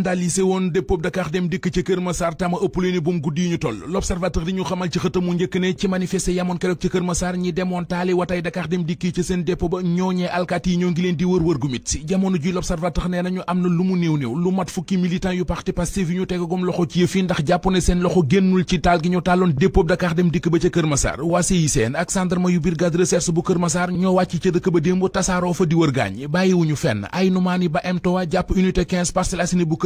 scandalisé woon dépôt dem dikk ci Kër Massar tama ëpp leen bu mu guddi yi ñu toll l'observateur di ñu xamal ci xëtamu njëkk ne ci manifester yamoon keroog ci Kër Massar ñi demoon taali watay Dakar dem dikk ci seen dépôt ba ñooñee alkaati yi ñoo ngi leen di wër wër gu mit jamono ji nee nañu am na lu mu néew néew lu mat fukki militant yu parti Pastef yi ñu tegagum loxo ci yëf ndax jàpp ne seen loxo génnul ci taal gi ñu tàlloon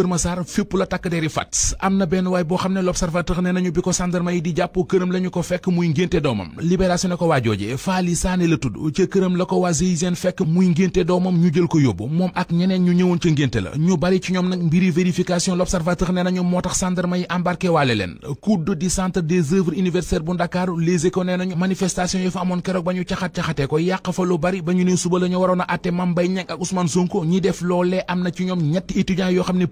Kër Massar fépp la takk deri fat am na benn waay boo xam ne l'observateur ne nañu bi ko sandarma yi di jàpp këram la ko fekk muy ngénte doomam libération ne ko waajooje faali saane la tudd ca këram la ko waa GIGN fekk muy ngénte doomam ñu jël ko yóbbu moom ak ñeneen ñu ñëwoon ca ngénte la ñu bari ci ñoom nag mbiri vérification l'observateur ne nañu moo tax sandarma yi embarqué leen COUD di centre des œuvres universitaires bu Ndakaaru Les ko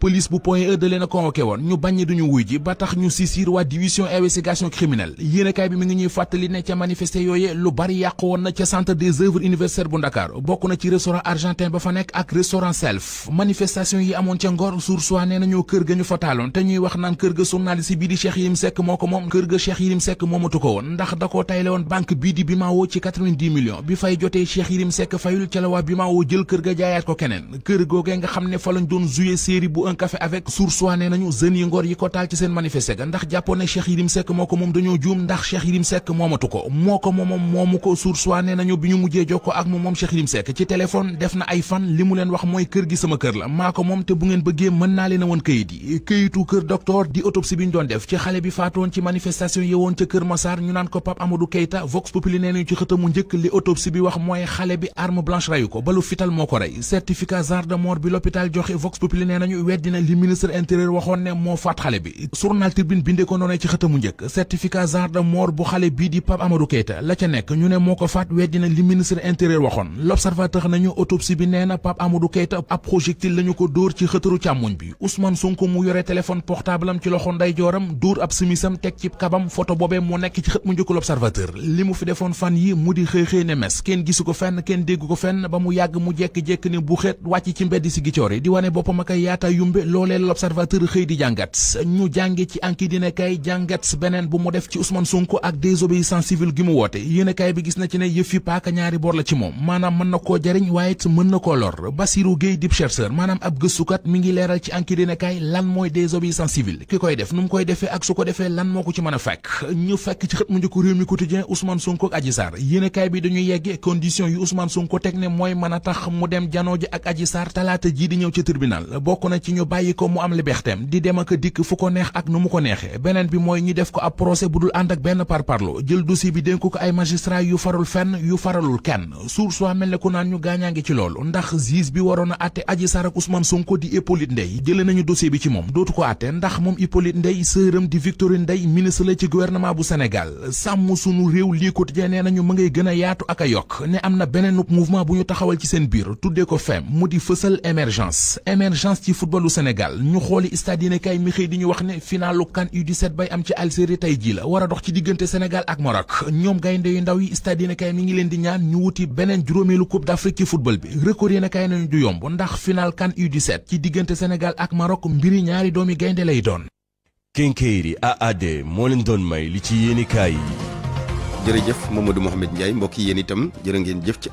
ne suba police bu point E de leen a convoqué woon ñu bañ duñu wuy ji ba tax ñu saisir waa division investigation criminelle yéenekaay bi mi ngi ñuy fàttali ne ca manifesté yooye lu bari yàqu woon na ca centre des œuvres universitaires bu Dakar bokk na ci restaurant argentin ba fa nekk ak restaurant self manifestation yi amoon ca Ngor sursoi nee nañu kër ga ñu fa taaloon te ñuy wax naan kër ga journaliste bii di Cheikh Yérim Seck moo ko moom kër ga Cheikh Yérim Seck moomatu ko woon ndax da koo tayle jafe avec sursoir ne nañu jeunes yi ngor yi ko taal ci seen manifester ga ndax jàppoon ne Cheikh Yérim Seck moo ko moom dañoo juum ndax Cheikh Yérim Seck moomatu ko moo ko moomoom moomu ko sursoir ne nañu bi ñu mujjee jokkoo ak moom moom Cheikh Yérim Seck ci téléphone def na ay fan li mu leen wax mooy kër gi sama kër la maa ko moom te bu ngeen bëggee mën naa leen woon kayit yi kayitu kër docteur di autopsie bi ñu doon def ci xale bi faatoon ci manifestation yewoon ca kër Massar ñu naan ko Pape Amadou Keita Vox Populi nee nañu ci xëtamu njëkk li autopsie wax mooy xale bi arme blanche rayu ko balu fital moo ko rey certificat de mort bi l'hôpital joxe Vox Populi nee nañu na li ministre intérieur waxoon ne moo faat xale bi journal Tribune bindee ko noonee ci xëtamu njëkk certificat genre de mort bu xale bii di Pape Amadou Keita la ca nekk ñu ne moo ko faat weddi li ministre intérieur waxoon l'observateur nañu autopsie bi nee na amadu Amadou Keita ab projectile lañu ko dóor ci xëtaru càmmoñ bi Ousmane Sonko mu yore téléphone portable am ci loxo ndeyjooram dóor ab simisam teg ci kabam photo boobee moo nekk ci xët mu njëkk l'observateur li mu fi defoon fan yi mu di xëy xëy ne mes kenn gisu ko fenn kenn dégg ko fenn ba mu yàgg mu jekk-jekk ne bu xeet wàcc ci mbedd si gicoor yi di wane boppam ak ay yaata yumbe loolee l'observateur xëy di jàngat ñu jànge ci enquête dina kay jàngat beneen bu mu def ci Ousmane Sonko ak désobéissance civile gi mu woote yéen bi gis na ci ne yëf yi paaka ñaari bor la ci moom maanaam mën na ko jariñ waaye mën na ko lor Basirou Gueye dib chercheur maanaam ab gëstukat mi ngi leeral ci enquête dina kay lan mooy désobéissance civile ki koy def nu mu koy defee ak su ko defee lan moo ko ci mën a fekk ñu fekk ci xët mu njëkk réew mi quotidien Ousmane Sonko ak Adji Sarr bi dañuy yeggee condition yu Ousmane Sonko teg mooy mën a mu dem janoo ji ak Adji Sarr talaata ji di ñëw ci tribunal bokk na ci ñu bàyyi ko mu am liberté di dem ak dikk fu ko neex ak nu mu ko neexee beneen bi mooy ñu def ko ab procès bu dul ànd ak benn parparlo jël dossier bi dénk ko ay magistrat yu farul fenn yu faralul kenn source waa mel ne ku naan ñu gaañaa ngi ci loolu ndax juge bi waroon a àtte Adji Sarr ak Ousmane Sonko di Hippolyte Ndeye jëlee nañu dossier bi ci moom dootu ko àtte ndax moom Hippolyte Ndeye sëram di Victorine Ndeye ministre la ci gouvernement bu Sénégal sàmm sunu réew lii quotidien nee nañu mu ngay bu ñu taxawal ci seen biir tuddee ko FEM mu Sénégal ñu xooli stade yéene kaay mi xëy di ñu wax ne finalu CAN u bay am ci Algérie tey jii la war a dox ci diggante Sénégal ak Maroc ñoom gaynde yu ndaw yi stade yéene mi ngi leen di ñaan ñu wuti beneen juróomeelu coupe d'Afrique ci football bi record yéene kaay nañu du yomb ndax final CAN U17 ci diggante Sénégal ak Maroc mbiri ñaari doomi gaynde lay doon. ci yéene kaay yi. jërëjëf Mamadou Mohamed Ndiaye mbokk yi yéen itam jërë ngeen jëf ci